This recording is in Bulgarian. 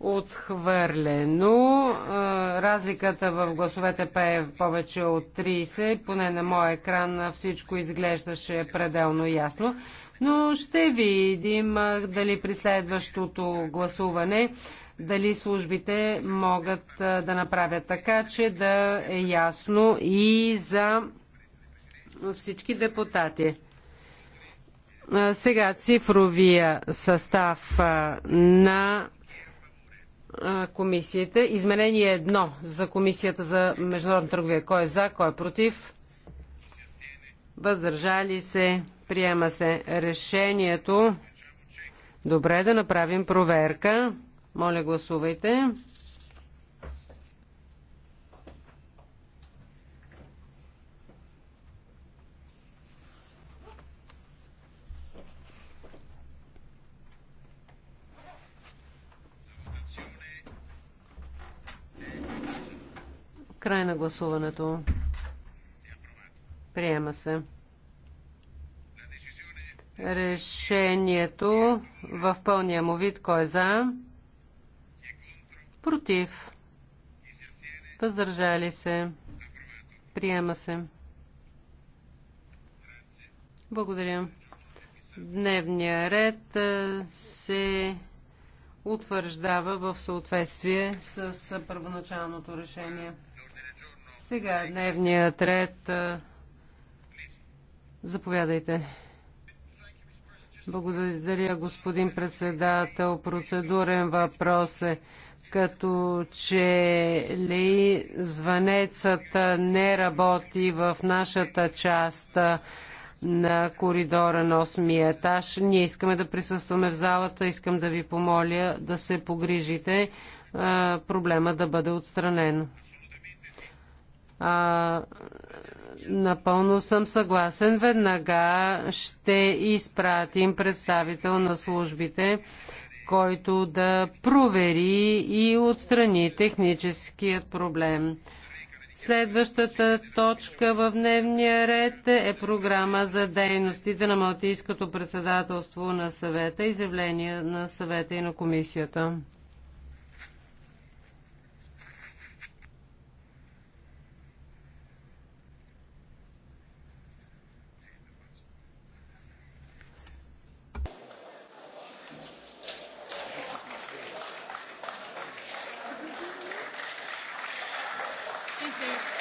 отхвърлено. Разликата в гласовете е повече от 30. Поне на моя екран всичко изглеждаше пределно ясно. Но ще видим дали при следващото гласуване дали службите могат да направят така, че да е ясно и за всички депутати. Сега цифровия състав на комисията. Изменение едно за комисията за международна търговия. Кой е за, кой е против? Въздържали се. Приема се решението. Добре, да направим проверка. Моля, гласувайте. Край на гласуването. Приема се. Решението в пълния му вид. Кой е за? Против. Въздържали се. Приема се. Благодаря. Дневния ред се утвърждава в съответствие с първоначалното решение. Сега дневният ред. Заповядайте. Благодаря, господин председател. Процедурен въпрос е като че ли звънецът не работи в нашата част на коридора на 8 етаж. Ние искаме да присъстваме в залата. Искам да ви помоля да се погрижите проблема да бъде отстранен. А, напълно съм съгласен. Веднага ще изпратим представител на службите, който да провери и отстрани техническият проблем. Следващата точка в дневния ред е програма за дейностите на Малтийското председателство на съвета, изявление на съвета и на комисията. Thank you.